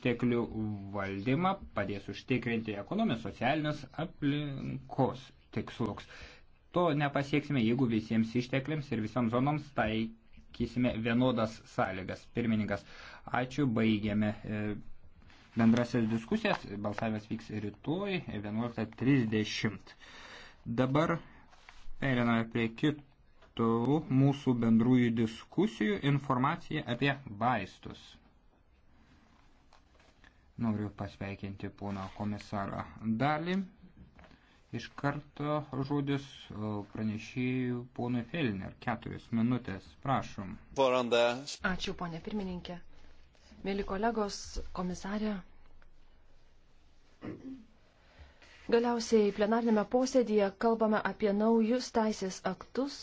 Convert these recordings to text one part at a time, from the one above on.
išteklių valdymą, padės užtikrinti ekonomijos, socialinius aplinkos tikslus. To nepasieksime, jeigu visiems ištekliams ir visoms zonoms taikysime vienodas sąlygas. Pirmininkas, ačiū, baigiame e, bendrasias diskusijas. Balsavimas vyks rytoj 11.30. Dabar periname prie kitų metu mūsų bendrųjų diskusijų informacija apie vaistus. Noriu pasveikinti pono komisarą dalį. Iš karto žodis e, pranešėjų ponui Felner. Keturias minutės, prašom. Ačiū, ponė pirmininkė. Mėly kolegos, komisarė. Galiausiai plenarnėme posėdėje kalbame apie naujus teisės aktus,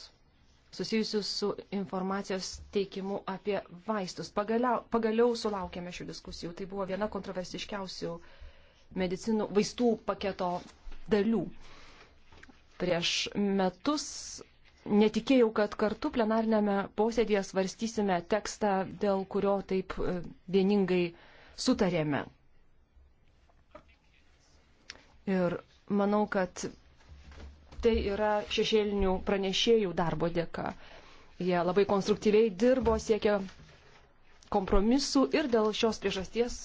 susijusių su informacijos teikimu apie vaistus. Pagaliau, pagaliau sulaukėme šių diskusijų. Tai buvo viena kontroversiškiausių medicinų vaistų paketo dalių. Prieš metus netikėjau, kad kartu plenarinėme posėdėje svarstysime tekstą, dėl kurio taip e, vieningai sutarėme. Ir manau, kad tai yra šešėlinių pranešėjų darbo dėka. Jie labai konstruktyviai dirbo, siekė kompromisų ir dėl šios priežasties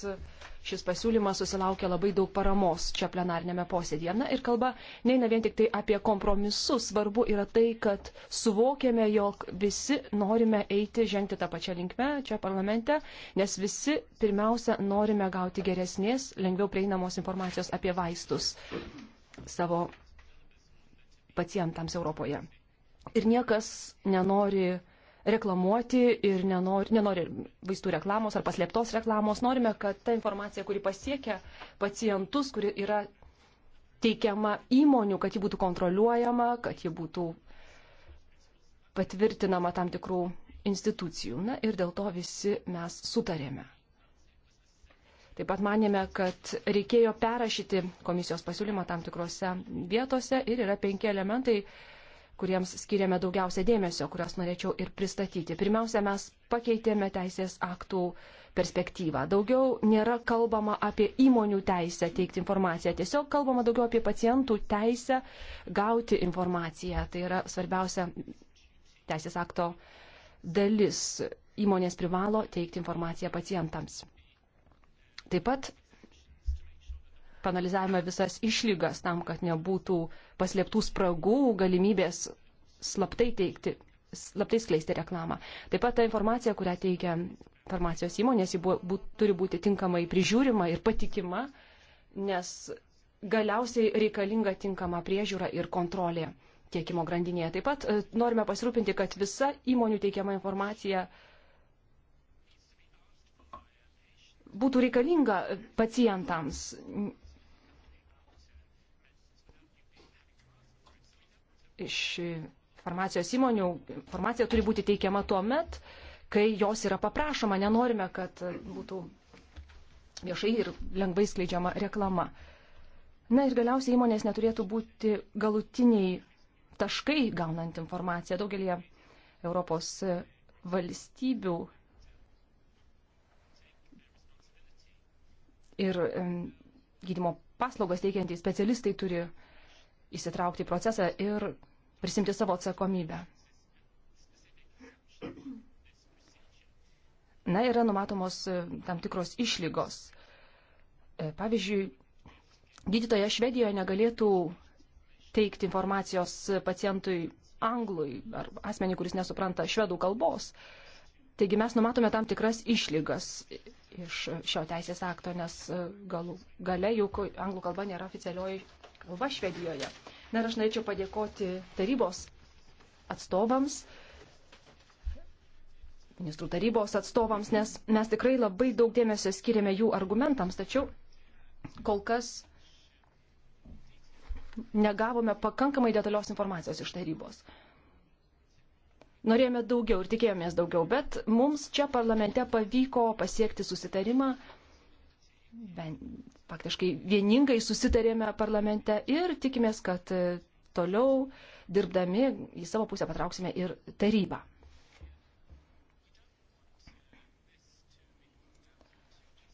šis pasiūlymas susilaukė labai daug paramos čia plenarnėme posėdėje. Na ir kalba neina vien tik tai apie kompromisus, svarbu yra tai, kad suvokėme, jog visi norime eiti, žengti tą pačią linkmę čia parlamente, nes visi pirmiausia norime gauti geresnės, lengviau prieinamos informacijos apie vaistus savo pacientams Europoje. Ir niekas nenori reklamuoti ir nenori, nenori vaistų reklamos ar paslėptos reklamos. Norime, kad ta informacija, kuri pasiekia pacientus, kuri yra teikiama įmonių, kad ji būtų kontroliuojama, kad ji būtų patvirtinama tam tikrų institucijų. Na ir dėl to visi mes sutarėme. Taip pat manėme, kad reikėjo perrašyti komisijos pasiūlymą tam tikrose vietose ir yra penki elementai, kuriems skiriame daugiausia dėmesio, kurias norėčiau ir pristatyti. Pirmiausia, mes pakeitėme teisės aktų perspektyvą. Daugiau nėra kalbama apie įmonių teisę teikti informaciją, tiesiog kalbama daugiau apie pacientų teisę gauti informaciją. Tai yra svarbiausia teisės akto dalis. Įmonės privalo teikti informaciją pacientams. Taip pat panalizavome visas išlygas tam, kad nebūtų paslėptų spragų galimybės slaptai teikti, slaptai skleisti reklamą. Taip pat ta informacija, kurią teikia farmacijos įmonės, ji buvo, būt, turi būti tinkamai prižiūrima ir patikima, nes galiausiai reikalinga tinkama priežiūra ir kontrolė tiekimo grandinėje. Taip pat e, norime pasirūpinti, kad visa įmonių teikiama informacija uh, būtų reikalinga pacientams. Iš farmacijos įmonių informacija turi būti teikiama tuo met, kai jos yra paprašoma, nenorime, kad būtų viešai ir lengvai skleidžiama reklama. Na ir galiausiai įmonės neturėtų būti galutiniai taškai gaunant informaciją. Daugelį Europos valstybių ir gydimo paslaugas teikiantys specialistai turi įsitraukti į procesą ir prisimti savo atsakomybę. Na, yra numatomos e, tam tikros išlygos. E, pavyzdžiui, gydytoja Švedijoje negalėtų teikti informacijos pacientui anglui ar asmenį, kuris nesupranta švedų kalbos. Taigi mes numatome tam tikras išlygas iš šio teisės akto, nes e, galų, gale juk anglų kalba nėra oficialioji kalba Švedijoje. Na ir aš norėčiau padėkoti tarybos atstovams, ministrų tarybos atstovams, nes mes tikrai labai daug dėmesio skiriame jų argumentams, tačiau kol kas negavome pakankamai detalios informacijos iš tarybos norėjome daugiau ir tikėjomės daugiau, bet mums čia parlamente pavyko pasiekti susitarimą, bent faktiškai vieningai susitarėme parlamente ir tikimės, kad e, toliau dirbdami į savo pusę patrauksime ir tarybą.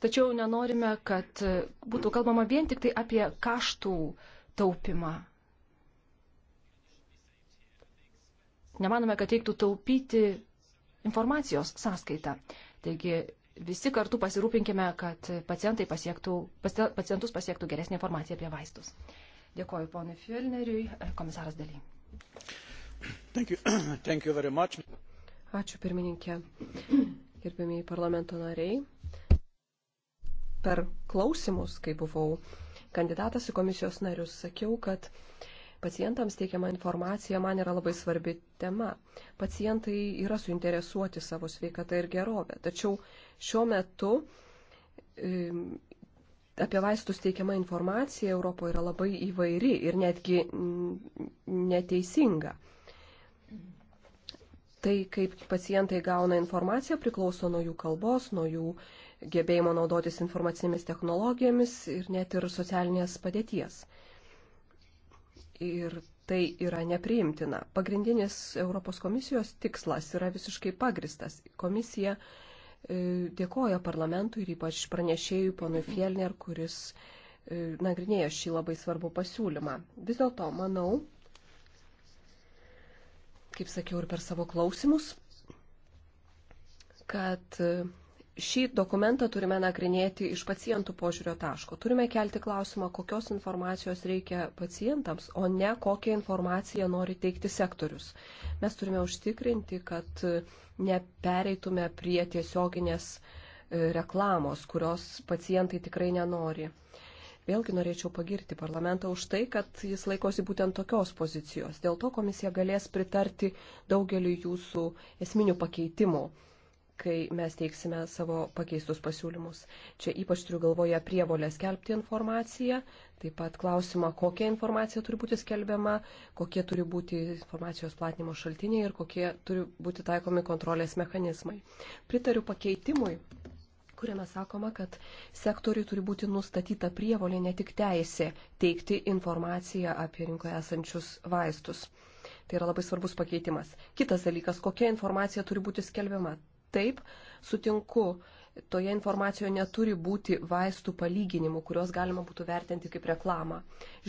Tačiau nenorime, kad e, būtų kalbama vien tik tai apie kaštų taupimą nemanome, kad reiktų taupyti informacijos sąskaitą. Taigi visi kartu pasirūpinkime, kad pasiektų, pacientus pasiektų geresnė informacija apie vaistus. Dėkoju ponui Fjellneriui, komisaras daly. Thank you. Thank you very much. Ačiū pirmininkė. Gerbėmiai parlamento nariai. Per klausimus, kai buvau kandidatas į komisijos narius, sakiau, kad uh, pacientams teikiama informacija man yra labai svarbi tema. Pacientai yra suinteresuoti savo sveikatą ir gerovę, tačiau šiuo metu apie vaistus teikiama informacija Europoje yra labai įvairi ir netgi neteisinga. Tai, kaip pacientai gauna informaciją, priklauso nuo jų kalbos, nuo jų gebėjimo naudotis informacinėmis technologijomis ir net ir socialinės padėties ir tai yra nepriimtina. Pagrindinis Europos komisijos tikslas yra visiškai pagristas. Komisija e, dėkoja parlamentui ir ypač pranešėjui ponui Fielner, kuris e, nagrinėjo šį labai svarbų pasiūlymą. Vis dėlto, manau, kaip sakiau ir per savo klausimus, kad e, šį dokumentą turime nagrinėti iš pacientų požiūrio taško. Turime kelti klausimą, kokios informacijos reikia pacientams, o ne kokią informaciją nori teikti sektorius. Mes turime užtikrinti, kad nepereitume prie tiesioginės e, reklamos, kurios pacientai tikrai nenori. Vėlgi norėčiau pagirti parlamentą už tai, kad jis laikosi būtent tokios pozicijos. Dėl to komisija galės pritarti daugeliu jūsų esminių pakeitimų kai mes teiksime savo pakeistus pasiūlymus. Čia ypač turiu galvoje prievolę skelbti informaciją, taip pat klausimą, kokia informacija turi būti skelbiama, kokie turi būti informacijos platinimo šaltiniai ir kokie turi būti taikomi kontrolės mechanizmai. Pritariu pakeitimui kuriame sakoma, kad sektoriui turi būti nustatyta prievolė ne tik teisė teikti informaciją apie rinkoje esančius vaistus. Tai yra labai svarbus pakeitimas. Kitas dalykas, kokia informacija turi būti skelbiama. Taip, sutinku, toje informacijoje neturi būti vaistų palyginimų, kuriuos galima būtų vertinti kaip reklamą.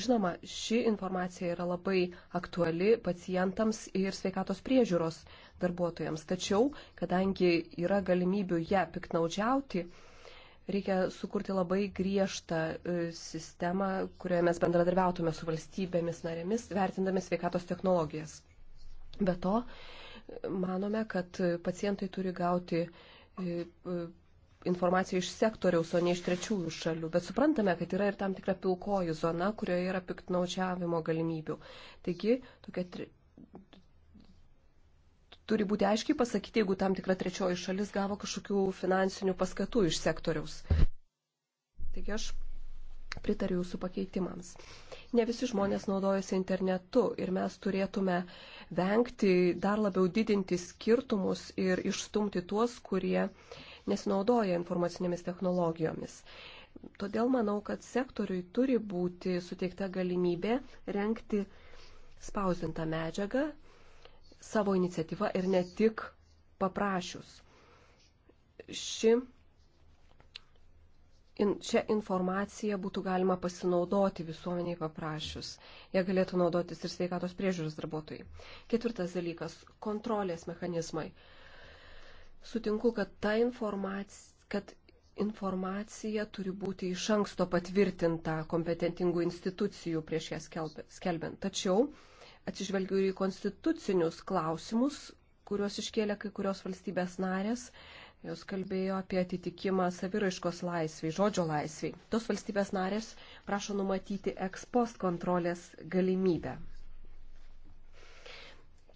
Žinoma, ši informacija yra labai aktuali pacientams ir sveikatos priežiūros darbuotojams. Tačiau, kadangi yra galimybių ją piknaudžiauti, reikia sukurti labai griežtą e, sistemą, kurioje mes bendradarbiautume su valstybėmis narėmis, vertindami sveikatos technologijas. Be to, manome, kad pacientai turi gauti e, e, informaciją iš sektoriaus, o ne iš trečiųjų šalių. Bet suprantame, kad yra ir tam tikra pilkoji zona, kurioje yra piktnaučiavimo galimybių. Taigi, tokia tri... turi būti aiškiai pasakyti, jeigu tam tikra trečioji šalis gavo kažkokių finansinių paskatų iš sektoriaus. Taigi aš pritariu jūsų pakeitimams. Ne visi žmonės naudojasi internetu ir mes turėtume vengti dar labiau didinti skirtumus ir išstumti tuos, kurie nesinaudoja informacinėmis technologijomis. Todėl manau, kad sektoriui turi būti suteikta galimybė renkti spausdintą medžiagą savo iniciatyvą ir ne tik paprašius. Ši in, šią informaciją būtų galima pasinaudoti visuomeniai paprašius. Jie galėtų naudotis ir sveikatos priežiūros darbuotojai. Ketvirtas dalykas - kontrolės mechanizmai. Sutinku, kad ta informacija, kad informacija turi būti iš anksto patvirtinta kompetentingų institucijų prieš ją skelbiant. Tačiau atsižvelgiu ir į konstitucinius klausimus, kuriuos iškėlė kai kurios valstybės narės Jūs kalbėjo apie atitikimą saviraiškos laisviai, žodžio laisviai. Tos valstybės narės prašo numatyti ekspost kontrolės galimybę.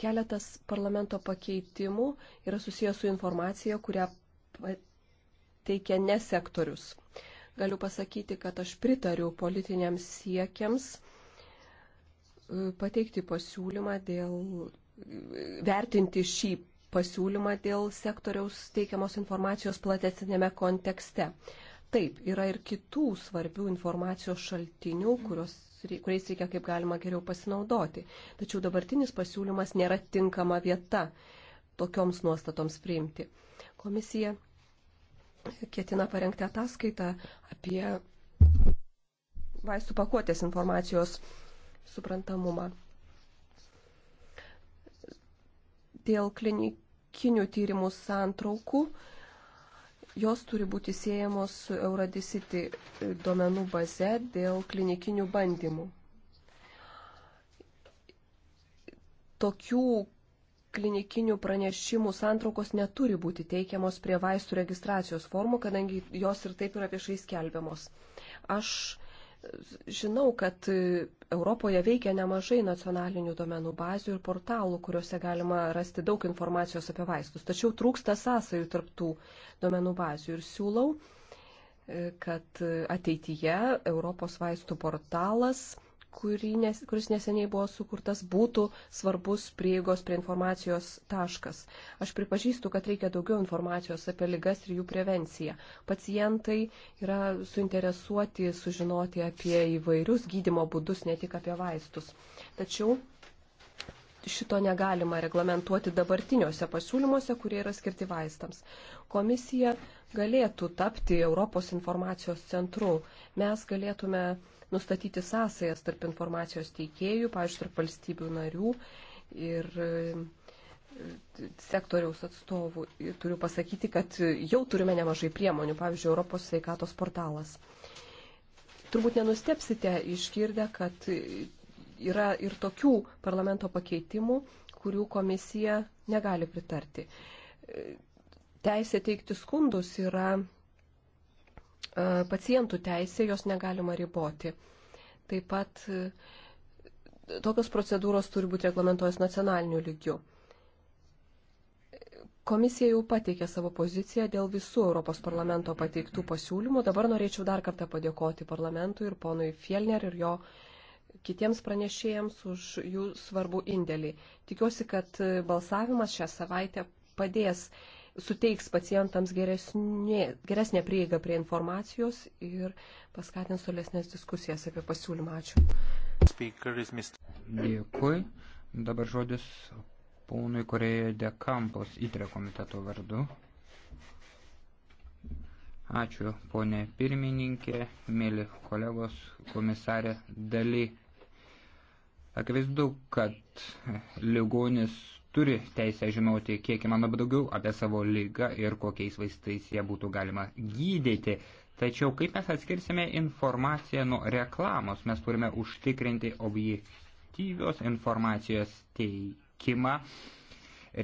Keletas parlamento pakeitimų yra susijęs su informacija, kurią teikia nesektorius. Galiu pasakyti, kad aš pritariu politiniams siekiams e, pateikti pasiūlymą dėl e, vertinti šį pasiūlymą dėl sektoriaus teikiamos informacijos platesnėme kontekste. Taip, yra ir kitų svarbių informacijos šaltinių, kurios, kuriais reikia kaip galima geriau pasinaudoti. Tačiau dabartinis pasiūlymas nėra tinkama vieta tokioms nuostatoms priimti. Komisija ketina parengti ataskaitą apie vaistų pakuotės informacijos suprantamumą. Dėl klinik, klinikinių tyrimų santraukų. Jos turi būti siejamos su Euradisiti e, duomenų baze dėl klinikinių bandymų. Tokių klinikinių pranešimų santraukos neturi būti teikiamos prie vaistų registracijos formų, kadangi jos ir taip yra viešai skelbiamos. Aš žinau, kad Europoje veikia nemažai nacionalinių domenų bazių ir portalų, kuriuose galima rasti daug informacijos apie vaistus. Tačiau trūksta sąsajų tarptų domenų bazių ir siūlau, e, kad ateityje Europos vaistų portalas nes, kuris neseniai buvo sukurtas, būtų svarbus prieigos prie informacijos taškas. Aš pripažįstu, kad reikia daugiau informacijos apie ligas ir jų prevenciją. Pacientai yra suinteresuoti sužinoti apie įvairius gydimo būdus, ne tik apie vaistus. Tačiau šito negalima reglamentuoti dabartiniuose pasiūlymuose, kurie yra skirti vaistams. Komisija galėtų tapti Europos informacijos centru. Mes galėtume nustatyti sąsajas tarp informacijos teikėjų, pavyzdžiui, tarp valstybių narių ir e, sektoriaus atstovų. Ir turiu pasakyti, kad jau turime nemažai priemonių, pavyzdžiui, Europos sveikatos portalas. Turbūt nenustepsite išgirdę, kad yra ir tokių parlamento pakeitimų, kurių komisija negali pritarti. E, teisė teikti skundus yra E, pacientų teisė, jos negalima riboti. Taip pat e, tokios procedūros turi būti reglamentojas nacionaliniu lygiu. Komisija jau pateikė savo poziciją dėl visų Europos parlamento pateiktų pasiūlymų. Dabar norėčiau dar kartą padėkoti parlamentui ir ponui Fielner ir jo kitiems pranešėjams už jų svarbų indėlį. Tikiuosi, kad balsavimas šią savaitę padės suteiks pacientams geresnė, geresnė prieiga prie informacijos ir paskatins tolesnės diskusijas apie pasiūlymą. Ačiū. Dėkui. Dabar žodis ponui Korėjoje de Campos įtrė komiteto vardu. Ačiū, ponė pirmininkė, mėly kolegos, komisarė Dali. Akivaizdu, kad ligonis turi teisę žinoti kiek įmanoma daugiau apie savo lygą ir kokiais vaistais ją būtų galima gydyti. Tačiau kaip mes atskirsime informaciją nuo reklamos, mes turime užtikrinti objektyvios informacijos teikimą,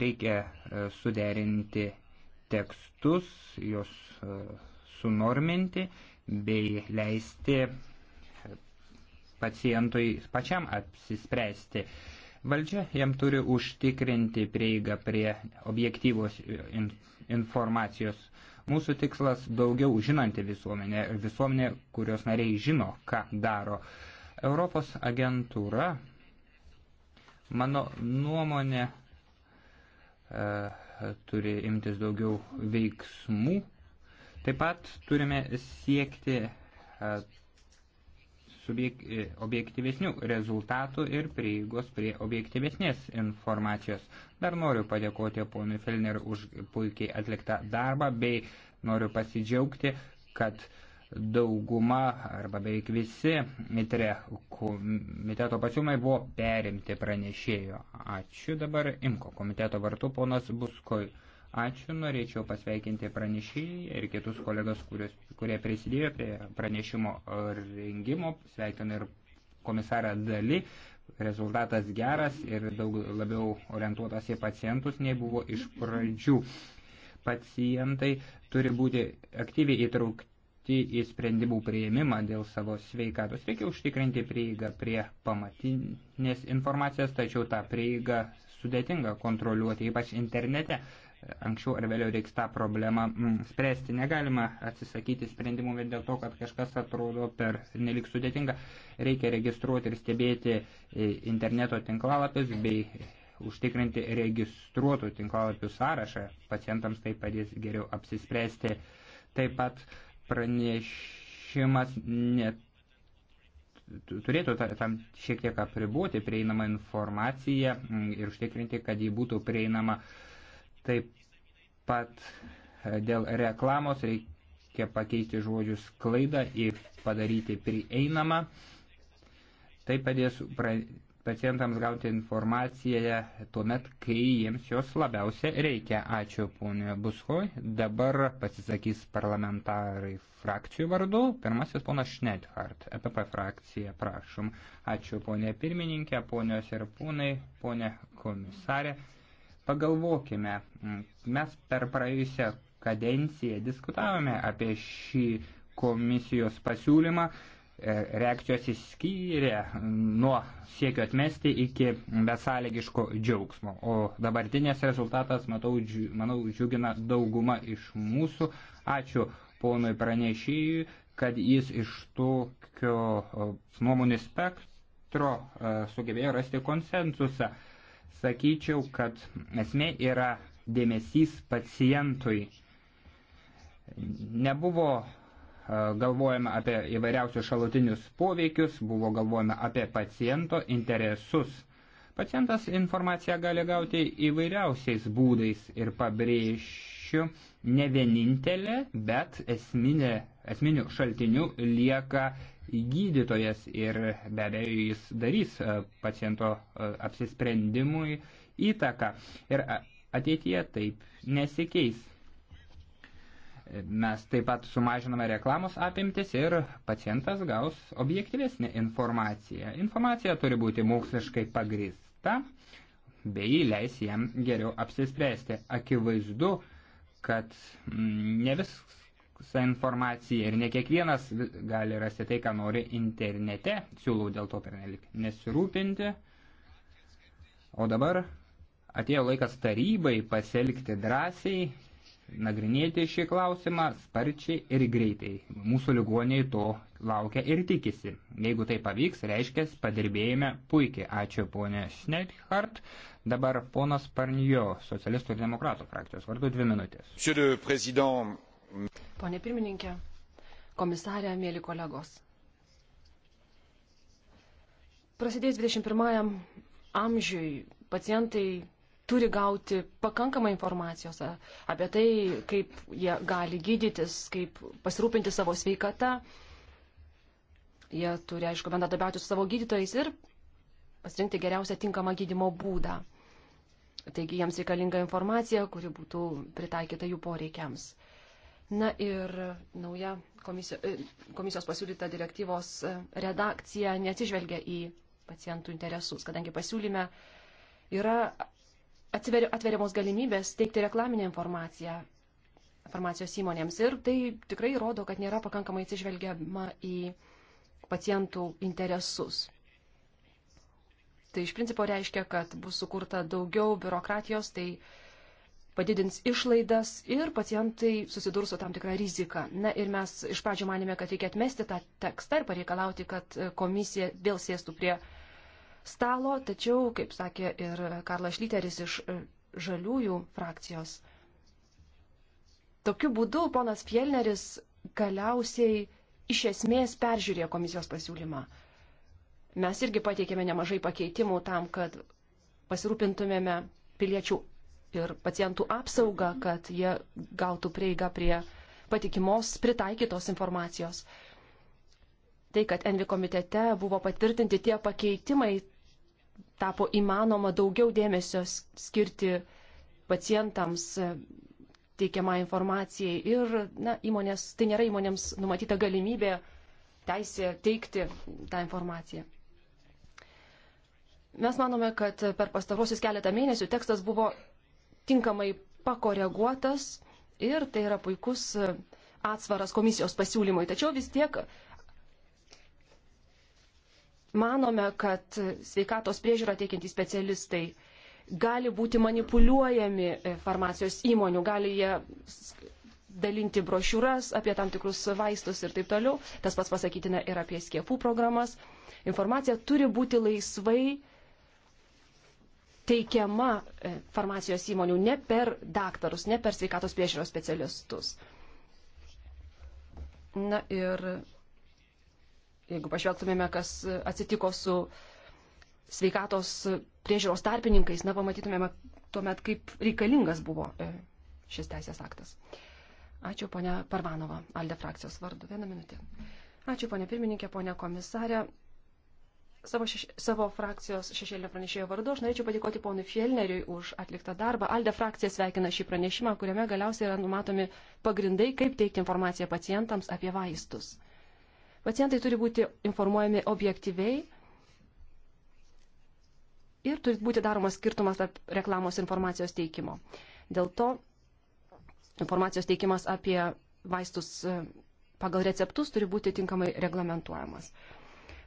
reikia e, suderinti tekstus, juos e, sunorminti bei leisti e, pacientui pačiam apsispręsti. Valdžia jam turi užtikrinti prieigą prie objektyvos informacijos. Mūsų tikslas daugiau žinanti visuomenė, visuomenė, kurios nariai žino, ką daro. Europos agentūra, mano nuomonė, e, turi imtis daugiau veiksmų. Taip pat turime siekti e, subjek, e, objektyvesnių rezultatų ir prieigos prie objektyvesnės informacijos. Dar noriu padėkoti ponui Felner už puikiai atliktą darbą bei noriu pasidžiaugti, kad dauguma arba beveik visi mitre komiteto pasiūlymai buvo perimti pranešėjo. Ačiū dabar Imko komiteto vartu ponas Buskoj. Ačiū, norėčiau pasveikinti pranešėjai ir kitus kolegas, kurios, kurie prisidėjo prie pranešimo rengimo. Sveikinu ir komisarą Dali. Rezultatas geras ir daug labiau orientuotas į pacientus nei buvo iš pradžių. Pacientai turi būti aktyviai įtraukti į sprendimų prieimimą dėl savo sveikatos. Reikia užtikrinti prieigą prie pamatinės informacijos, tačiau tą prieigą sudėtinga kontroliuoti, ypač internete anksčiau ar vėliau reiks tą problemą mm, spręsti. Negalima atsisakyti sprendimų vien dėl to, kad kažkas atrodo per nelik sudėtinga. Reikia registruoti ir stebėti e, interneto tinklalapius bei užtikrinti registruotų tinklalapių sąrašą. Pacientams tai padės geriau apsispręsti. Taip pat pranešimas net turėtų tam šiek tiek apriboti prieinamą informaciją mm, ir užtikrinti, kad ji būtų prieinama uh, Taip pat e, dėl reklamos reikia pakeisti žodžius klaidą ir padaryti prieinamą. Tai padės pacientams gauti informaciją tuo met, kai jiems jos labiausia reikia. Ačiū, ponė Buskoj. Dabar pasisakys parlamentarai frakcijų vardu. Pirmasis ponas Šnethart, EPP frakcija, prašom. Ačiū, ponė pirmininkė, ponios ir ponai, ponė komisarė. Pagalvokime, mm, mes per praėjusią kadenciją diskutavome apie šį komisijos pasiūlymą, e, reakcijos įskyrė nuo siekio atmesti iki besąlygiško džiaugsmo. O dabartinės rezultatas, matau, džiug, manau, džiugina dauguma iš mūsų. Ačiū ponui pranešėjui, kad jis iš tokio nuomonių spektro e, sugebėjo rasti konsensusą sakyčiau, kad esmė yra dėmesys pacientui. Nebuvo galvojama apie įvairiausius šalutinius poveikius, buvo galvojama apie paciento interesus. Pacientas informaciją gali gauti įvairiausiais būdais ir pabrėšiu, ne vienintelė, bet esminė, esminių šaltinių lieka gydytojas ir be abejo jis darys e, paciento e, apsisprendimui įtaką. Ir ateityje taip nesikeis. Mes taip pat sumažiname reklamos apimtis ir pacientas gaus objektyvesnę informaciją. Informacija turi būti moksliškai pagrįsta bei leis jam geriau apsispręsti. Akivaizdu, kad mm, ne viskas visą informaciją ir ne kiekvienas gali rasti tai, ką nori internete. Siūlau dėl to pernelik nesirūpinti. O dabar atėjo laikas tarybai pasielgti drąsiai, nagrinėti šį klausimą sparčiai ir greitai. Mūsų ligoniai to laukia ir tikisi. Jeigu tai pavyks, reiškia, padirbėjime puikiai. Ačiū ponė Schneidhart. Dabar ponas Parnijo, socialistų ir demokratų frakcijos vardu, dvi minutės. Pone pirmininkė, komisarė, mėly kolegos. Prasidėjus 21 amžiui pacientai turi gauti pakankamą informacijos apie tai, kaip jie gali gydytis, kaip pasirūpinti savo sveikatą. Jie turi, aišku, bendradarbiauti su savo gydytojais ir pasirinkti geriausią tinkamą gydymo būdą. Taigi jiems reikalinga informacija, kuri būtų pritaikyta jų poreikiams. Na ir nauja komisijos, e, komisijos pasiūlyta direktyvos e, redakcija neatsižvelgia į pacientų interesus, kadangi pasiūlyme yra atveriamos galimybės teikti reklaminę informaciją farmacijos įmonėms. Ir tai tikrai rodo, kad nėra pakankamai atsižvelgiama į pacientų interesus. Tai iš principo reiškia, kad bus sukurta daugiau biurokratijos, tai padidins išlaidas ir pacientai susidurs su tam tikra rizika. Na ir mes iš pradžių manėme, kad reikia atmesti tą tekstą ir pareikalauti, kad komisija vėl sėstų prie stalo, tačiau, kaip sakė ir Karlas Šlyteris iš e, žaliųjų frakcijos, tokiu būdu ponas Fjellneris galiausiai iš esmės peržiūrėjo komisijos pasiūlymą. Mes irgi pateikėme nemažai pakeitimų tam, kad pasirūpintumėme piliečių ir pacientų apsaugą, kad jie gautų prieigą prie patikimos, pritaikytos informacijos. Tai, kad Envi komitete buvo patvirtinti tie pakeitimai, tapo įmanoma daugiau dėmesio skirti pacientams e, teikiamą informacijai ir na, įmonės, tai nėra įmonėms numatyta galimybė teisė teikti tą informaciją. Mes manome, kad per pastarosius keletą mėnesių tekstas buvo tinkamai pakoreguotas ir tai yra puikus atsvaras komisijos pasiūlymui. Tačiau vis tiek manome, kad sveikatos priežiūrą teikiantys specialistai gali būti manipuliuojami farmacijos įmonių, gali jie dalinti brošiūras apie tam tikrus vaistus ir taip toliau. Tas pats pasakytina ir apie skiepų programas. Informacija turi būti laisvai teikiama e, farmacijos įmonių ne per daktarus, ne per sveikatos priežiūros specialistus. Na ir jeigu pažvelgtumėme, kas atsitiko su sveikatos priežiūros tarpininkais, na pamatytumėme tuomet, kaip reikalingas buvo e, šis teisės aktas. Ačiū ponia Parvanova, Alde frakcijos vardu. Vieną minutę. Ačiū ponia pirmininkė, ponia komisarė. Savo, šeš, savo frakcijos šešėlio pranešėjo vardu aš norėčiau padėkoti ponui Fielneriui už atliktą darbą. Alde frakcija sveikina šį pranešimą, kuriame galiausiai yra numatomi pagrindai, kaip teikti informaciją pacientams apie vaistus. Pacientai turi būti informuojami objektyviai ir turi būti daromas skirtumas tarp reklamos informacijos teikimo. Dėl to informacijos teikimas apie vaistus e, pagal receptus turi būti tinkamai reglamentuojamas.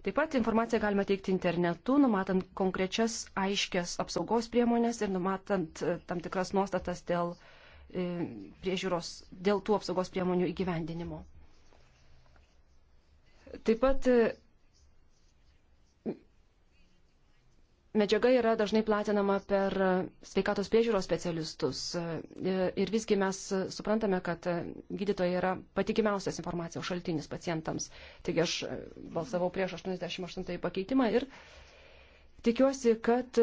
Taip pat informaciją galima teikti internetu, numatant konkrečias aiškias apsaugos priemonės ir numatant e, tam tikras nuostatas dėl e, priežiūros, dėl tų apsaugos priemonių įgyvendinimo. Taip pat e, medžiaga yra dažnai platinama per e, sveikatos priežiūros specialistus e, ir visgi mes suprantame, kad e, gydytojai yra patikimiausias informacijos šaltinis pacientams. Taigi aš balsavau prieš 88 pakeitimą ir tikiuosi, kad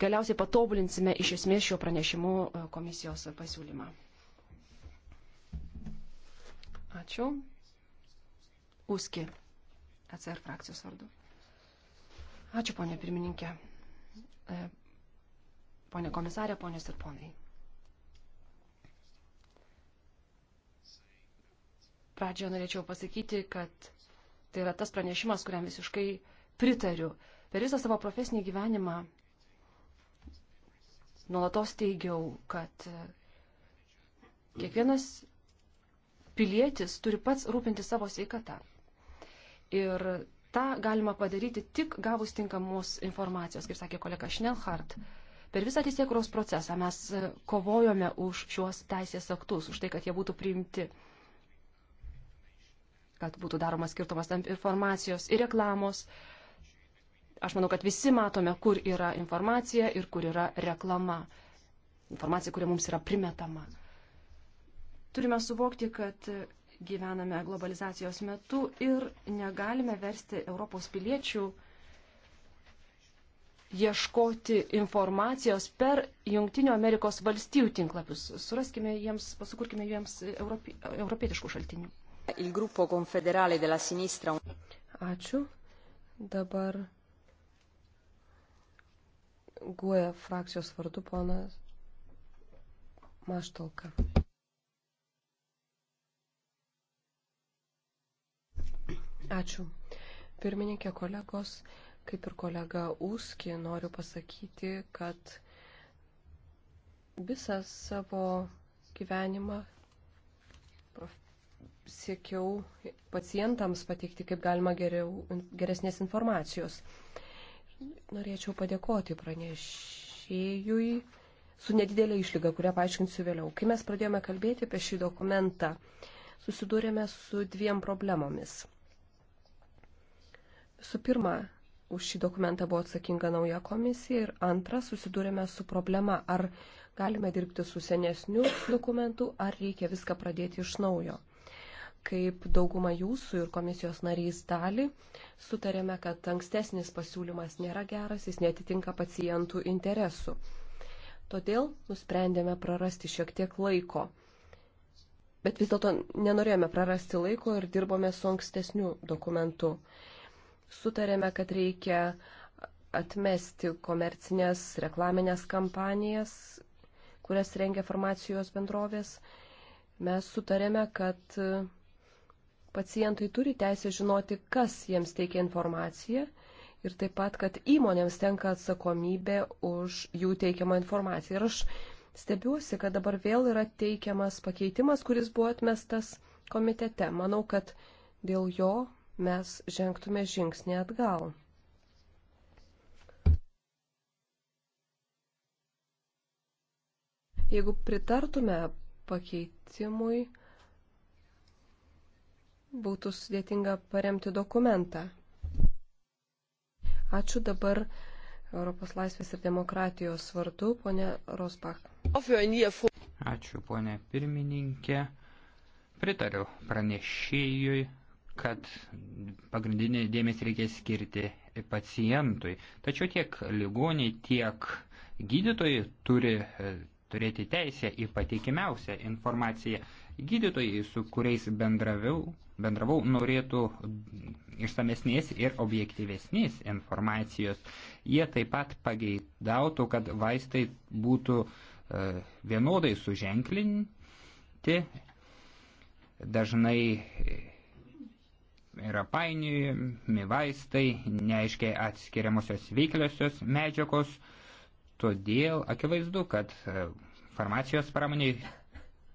galiausiai patobulinsime iš esmės šio pranešimu komisijos pasiūlymą. Ačiū. Uski. ACR frakcijos vardu. Ačiū, ponė pirmininkė. E, Pone komisarė, ponės ir ponai. Pradžioje norėčiau pasakyti, kad tai yra tas pranešimas, kuriam visiškai pritariu. Per visą savo profesinį gyvenimą nuolatos teigiau, kad e, kiekvienas pilietis turi pats rūpinti savo sveikatą. Ir Ta galima padaryti tik gavus tinkamos informacijos, kaip sakė kolega Schnellhardt. Per visą teisėkuros procesą mes e, kovojome už šiuos teisės aktus, už tai, kad jie būtų priimti, kad būtų daromas skirtumas tarp informacijos ir reklamos. Aš manau, kad visi matome, kur yra informacija ir kur yra reklama. Informacija, kuri mums yra primetama. Turime suvokti, kad gyvename globalizacijos metu ir negalime versti Europos piliečių ieškoti informacijos per Junktinio Amerikos valstijų tinklapius. Suraskime jiems, pasukurkime jiems europi, europietiškų šaltinių. Ačiū. Dabar guoja frakcijos vardu ponas Maštolka. Ačiū. Pirmininkė kolegos, kaip ir kolega Ūski, noriu pasakyti, kad visą savo gyvenimą siekiau pacientams pateikti kaip galima geriau, geresnės informacijos. Norėčiau padėkoti pranešėjui su nedidelė išlyga, kurią paaiškinsiu vėliau. Kai mes pradėjome kalbėti apie šį dokumentą, susidūrėme su dviem problemomis. Su pirma, už šį dokumentą buvo atsakinga nauja komisija ir antra, susidūrėme su problema, ar galime dirbti su senesniu dokumentu, ar reikia viską pradėti iš naujo. Kaip dauguma jūsų ir komisijos narys dalį, sutarėme, kad ankstesnis pasiūlymas nėra geras, jis netitinka pacientų interesų. Todėl nusprendėme prarasti šiek tiek laiko. Bet vis dėlto nenorėjome prarasti laiko ir dirbome su ankstesniu dokumentu sutarėme, kad reikia atmesti komercinės reklaminės kampanijas, kurias rengia farmacijos bendrovės. Mes sutarėme, kad pacientai turi teisę žinoti, kas jiems teikia informaciją ir taip pat, kad įmonėms tenka atsakomybė už jų teikiamą informaciją. Ir aš stebiuosi, kad dabar vėl yra teikiamas pakeitimas, kuris buvo atmestas komitete. Manau, kad dėl jo mes žengtume žingsnį atgal. Jeigu pritartume pakeitimui, būtų sudėtinga paremti dokumentą. Ačiū dabar Europos laisvės ir demokratijos vardu, ponė Rosbach. Ačiū, ponė pirmininkė. Pritariu pranešėjui kad pagrindinį dėmesį reikia skirti pacientui. Tačiau tiek ligoniai, tiek gydytojai turi e, turėti teisę į patikimiausią informaciją. Gydytojai, su kuriais bendraviau, bendravau, norėtų išsamesnės ir objektyvesnės informacijos. Jie taip pat pageidautų, kad vaistai būtų e, vienodai suženklinti. Dažnai yra painiojami vaistai, neaiškiai atskiriamosios veikliosios medžiagos, todėl akivaizdu, kad e, farmacijos pramoniai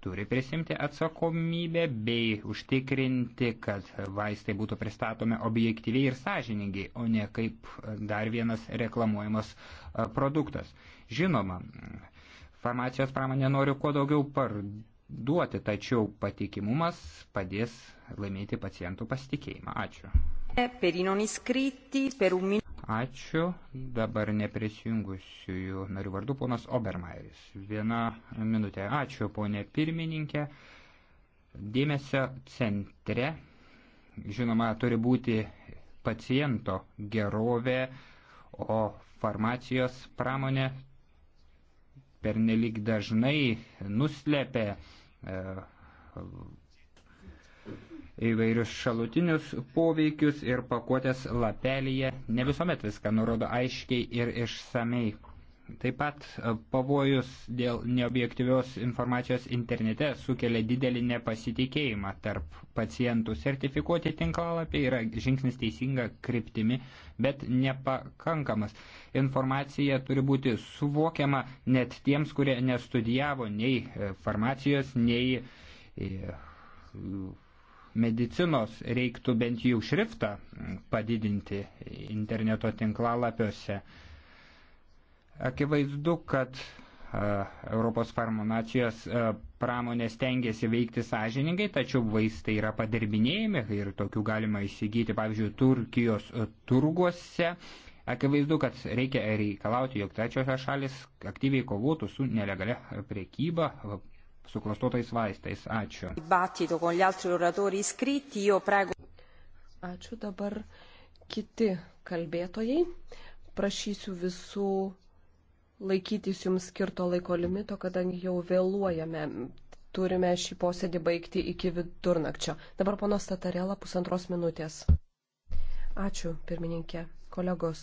turi prisimti atsakomybę bei užtikrinti, kad vaistai būtų pristatomi objektyviai ir sąžiningai, o ne kaip dar vienas reklamuojamas e, produktas. Žinoma, farmacijos pramonė nori kuo daugiau parduoti duoti, tačiau patikimumas padės laimėti pacientų pasitikėjimą. Ačiū. E, Ačiū dabar neprisijungusiųjų narių vardu ponas Obermairis. Viena minutė. Ačiū ponė pirmininkė. Dėmesio centre, žinoma, turi būti paciento gerovė, o farmacijos pramonė pernelik dažnai nuslepia E, įvairius šalutinius poveikius ir pakuotės lapelyje ne visuomet viską nurodo aiškiai ir išsamei. Taip pat e, pavojus dėl neobjektyvios informacijos internete sukelia didelį nepasitikėjimą tarp pacientų. Sertifikuoti tinklalapį yra žingsnis teisinga kryptimi, bet nepakankamas. Informacija turi būti suvokiama net tiems, kurie nestudijavo nei e, farmacijos, nei e, medicinos. Reiktų bent jau šriftą padidinti interneto tinklalapiuose. Akivaizdu, kad Europos farmacijos pramonė stengiasi veikti sąžiningai, tačiau vaistai yra padirbinėjami ir tokių galima įsigyti, pavyzdžiui, Turkijos turguose. Akivaizdu, kad reikia reikalauti, jog trečiosios šalis aktyviai kovotų su nelegalia priekyba suklastotais vaistais. Ačiū. Ačiū dabar kiti kalbėtojai. Prašysiu visų laikytis jums skirto laiko limito, kadangi jau vėluojame. Turime šį posėdį baigti iki vidurnakčio. Dabar panas Tatarela pusantros minutės. Ačiū, pirmininkė, kolegos.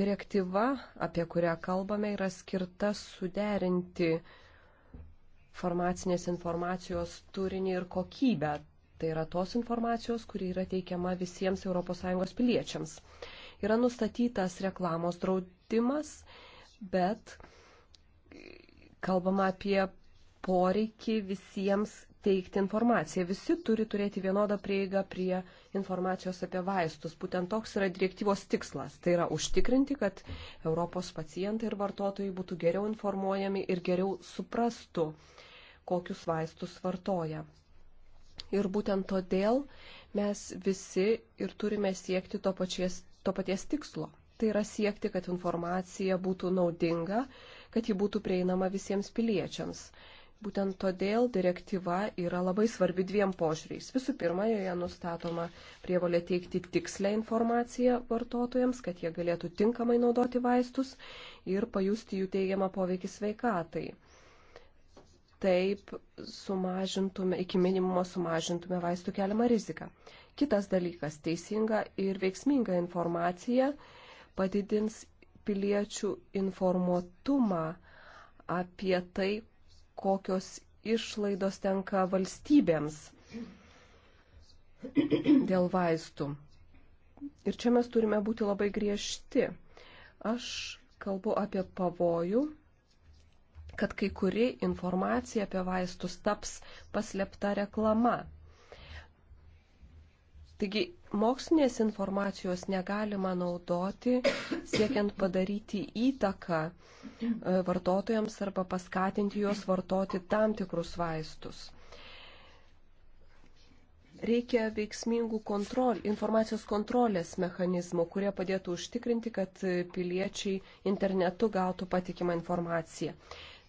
Direktyva, apie kurią kalbame, yra skirta suderinti farmacinės informacijos turinį ir kokybę. Tai yra tos informacijos, kuri yra teikiama visiems ES piliečiams. Yra nustatytas reklamos draud vertimas, bet kalbama apie poreikį visiems teikti informaciją. Visi turi turėti vienodą prieigą prie informacijos apie vaistus. Būtent toks yra direktyvos tikslas. Tai yra užtikrinti, kad Europos pacientai ir vartotojai būtų geriau informuojami ir geriau suprastų, kokius vaistus vartoja. Ir būtent todėl mes visi ir turime siekti to, pačies, to paties tikslo tai yra siekti, kad informacija būtų naudinga, kad ji būtų prieinama visiems piliečiams. Būtent todėl direktyva yra labai svarbi dviem požiūriais. Visų pirma, joje nustatoma prievalė teikti tikslę informaciją vartotojams, kad jie galėtų tinkamai naudoti vaistus ir pajusti jų teigiamą poveikį sveikatai. Taip sumažintume, iki minimumo sumažintume vaistų keliamą riziką. Kitas dalykas - teisinga ir veiksminga informacija padidins piliečių informuotumą apie tai, kokios išlaidos tenka valstybėms dėl vaistų. Ir čia mes turime būti labai griežti. Aš kalbu apie pavojų, kad kai kuri informacija apie vaistus taps paslėpta reklama. Taigi mokslinės informacijos negalima naudoti siekiant padaryti įtaką e, vartotojams arba paskatinti juos vartoti tam tikrus vaistus. Reikia veiksmingų kontrol, informacijos kontrolės mechanizmų, kurie padėtų užtikrinti, kad piliečiai internetu gautų patikimą informaciją.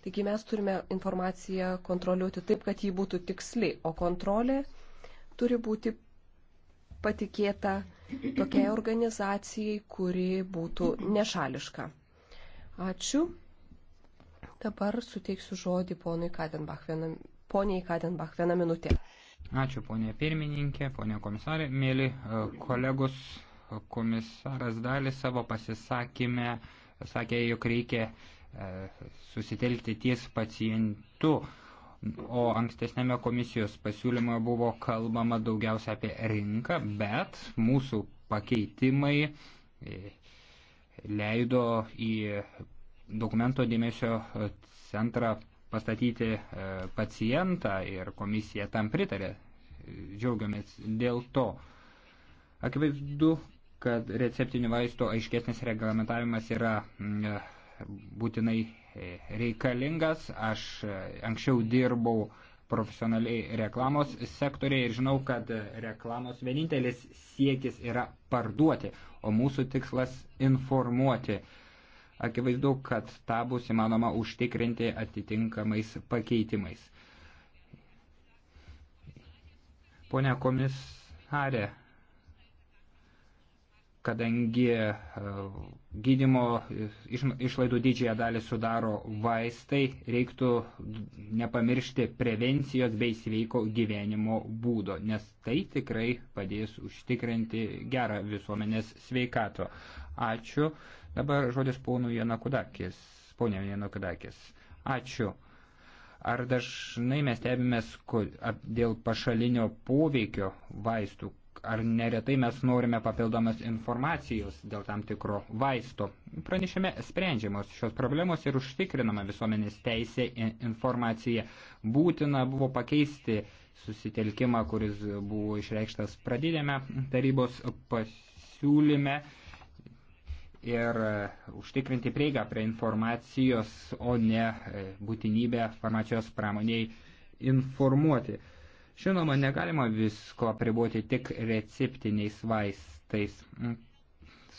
Taigi mes turime informaciją kontroliuoti taip, kad ji būtų tiksli, o kontrolė turi būti patikėta tokiai organizacijai, kuri būtų nešališka. Ačiū. Dabar suteiksiu žodį ponui Kadenbach vieną, poniai Kadenbach vieną minutę. Ačiū ponė pirmininkė, ponė komisarė, mėly e, kolegos, komisaras dalį savo pasisakymę sakė, jog reikia e, susitelkti ties pacientu o ankstesnėme komisijos pasiūlymoje buvo kalbama daugiausia apie rinką, bet mūsų pakeitimai e, leido į dokumento dėmesio centrą pastatyti e, pacientą ir komisija tam pritarė. Džiaugiamės dėl to. Akivaizdu, kad receptinių vaistų aiškesnis reglamentavimas yra e, būtinai reikalingas. Aš e, anksčiau dirbau profesionaliai reklamos sektoriai ir žinau, kad e, reklamos vienintelis siekis yra parduoti, o mūsų tikslas informuoti. Akivaizdu, kad tą bus įmanoma užtikrinti atitinkamais pakeitimais. Pone komisarė, kadangi e, gydimo išlaidų didžiąją dalį sudaro vaistai, reiktų nepamiršti prevencijos bei sveiko gyvenimo būdo, nes tai tikrai padės užtikrinti gerą visuomenės sveikato. Ačiū. Dabar žodis ponų Janakudakis. Ponė Janakudakis. Ačiū. Ar dažnai mes stebimės dėl pašalinio poveikio vaistų, ar neretai mes norime papildomas informacijos dėl tam tikro vaisto. Pranešime sprendžiamos šios problemos ir užtikrinama visuomenės teisė informacija. Būtina buvo pakeisti susitelkimą, kuris buvo išreikštas pradinėme tarybos pasiūlyme ir e, užtikrinti prieigą prie informacijos, o ne e, būtinybę farmacijos pramoniai informuoti. Žinoma, negalima visko apriboti tik receptiniais vaistais. Mm,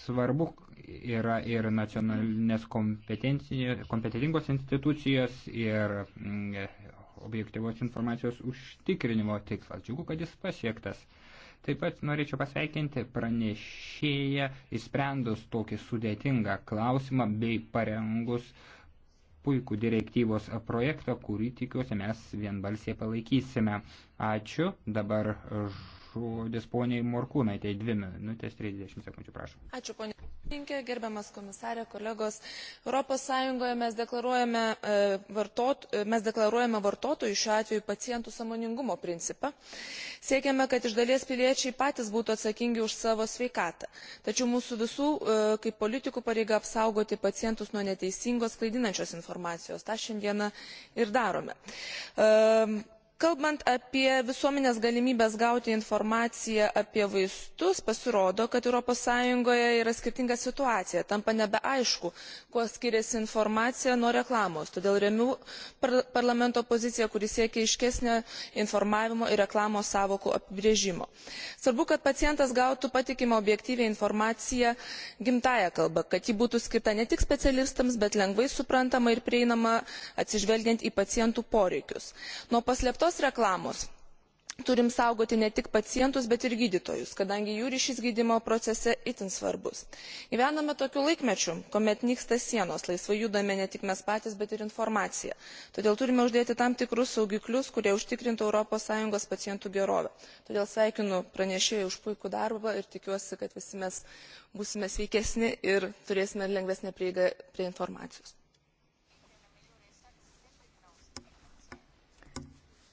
svarbu yra ir nacionalinės kompetitingos institucijos ir mm, objektyvos informacijos užtikrinimo tikslas. Džiugu, kad jis pasiektas. Taip pat norėčiau pasveikinti pranešėją, įsprendus tokį sudėtingą klausimą bei parengus uh, puikų direktyvos projektą, kurį tikiuosi mes vienbalsiai palaikysime. Ačiū. Dabar žodis poniai Morkūnai, tai 2 minutės 30 sekundžių, prašau. Ačiū, ponia gerbiamas komisare kolegos europos sąjungoje mes deklaruojame, e, vartot, e, mes deklaruojame vartotojų šiuo atveju pacientų sąmoningumo principą siekiame kad iš dalies piliečiai patys būtų atsakingi už savo sveikatą tačiau mūsų visų e, kaip politikų pareiga apsaugoti pacientus nuo neteisingos klaidinančios informacijos tą šiandieną ir darome kalbant apie visuomenės galimybes gauti informaciją apie vaistus pasirodo kad europos sąjungoje yra skirtinga situacija tampa nebeaišku kuo skiriasi informacija nuo reklamos todėl remiu parlamento poziciją kuri siekia aiškesnio informavimo ir reklamos sąvokų apibrėžimo. svarbu kad pacientas gautų patikimą objektyvią informaciją gimtąja kalba kad ji būtų skirta ne tik specialistams bet lengvai suprantama ir prieinama atsižvelgiant į pacientų poreikius. nuo paslėptos tokios reklamos turime saugoti ne tik pacientus bet ir gydytojus kadangi jų ryšys gydymo procese itin svarbus. gyvename tokiu laikmečiu kuomet nyksta sienos laisvai judame ne tik mes patys bet ir informacija todėl turime uždėti tam tikrus saugiklius kurie užtikrintų europos sąjungos pacientų gerovę. todėl sveikinu pranešėją už puikų darbą ir tikiuosi kad visi mes būsime sveikesni ir turėsime lengvesnę prieigą prie informacijos.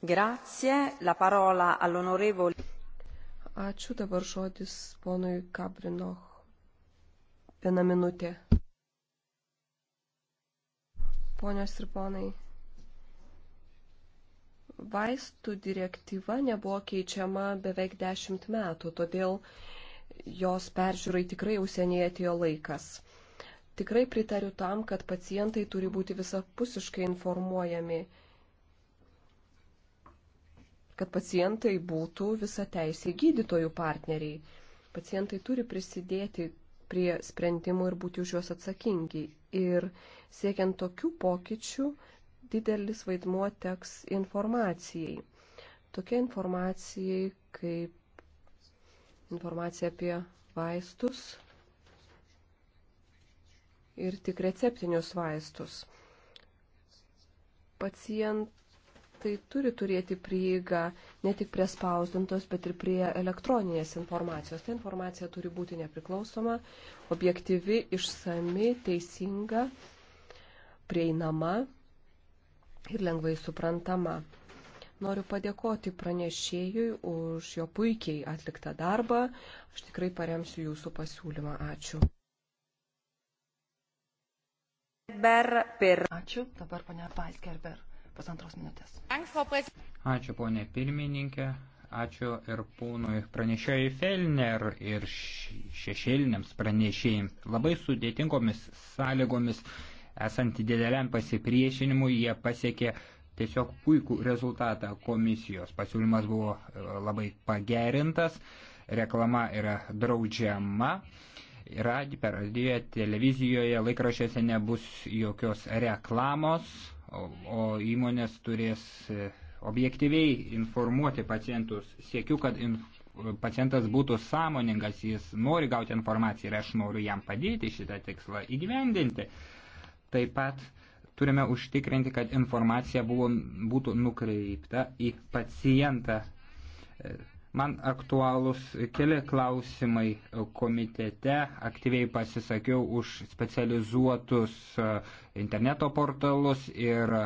Grazie. La parola all'onorevole. Ačiū dabar žodis ponui Kabrinoch. Viena minutė. Ponios ir ponai, vaistų direktyva nebuvo keičiama beveik dešimt metų, todėl jos peržiūrai tikrai jau seniai atėjo laikas. Tikrai pritariu tam, kad pacientai turi būti visapusiškai informuojami kad pacientai būtų visą teisę gydytojų partneriai. Pacientai turi prisidėti prie sprendimų ir būti už juos atsakingi. Ir siekiant tokių pokyčių, didelis vaidmuo teks informacijai. Tokia informacijai kaip informacija apie vaistus ir tik receptinius vaistus. Pacient, tai turi turėti prieigą ne tik prie spausdintos, bet ir prie elektroninės informacijos. Ta informacija turi būti nepriklausoma, objektyvi, išsami, teisinga, prieinama ir lengvai suprantama. Noriu padėkoti pranešėjui už jo puikiai atliktą darbą. Aš tikrai paremsiu jūsų pasiūlymą. Ačiū. Ačiū. Dabar ponia Paiskerber pusantros minutės. Ačiū ponė pirmininkė, ačiū ir ponui pranešėjai Felner ir šešėliniams pranešėjai. Labai sudėtingomis sąlygomis, esant dideliam pasipriešinimui, jie pasiekė tiesiog puikų rezultatą komisijos. Pasiūlymas buvo e, labai pagerintas, reklama yra draudžiama radijo, per radiją, televizijoje, laikrašėse nebus jokios reklamos o įmonės turės e, objektyviai informuoti pacientus. Siekiu, kad in, pacientas būtų sąmoningas, jis nori gauti informaciją ir aš noriu jam padėti šitą tikslą įgyvendinti. Taip pat turime užtikrinti, kad informacija buvo, būtų nukreipta į pacientą. E, Man aktualūs keli klausimai komitete. Aktyviai pasisakiau už specializuotus e, interneto portalus ir e,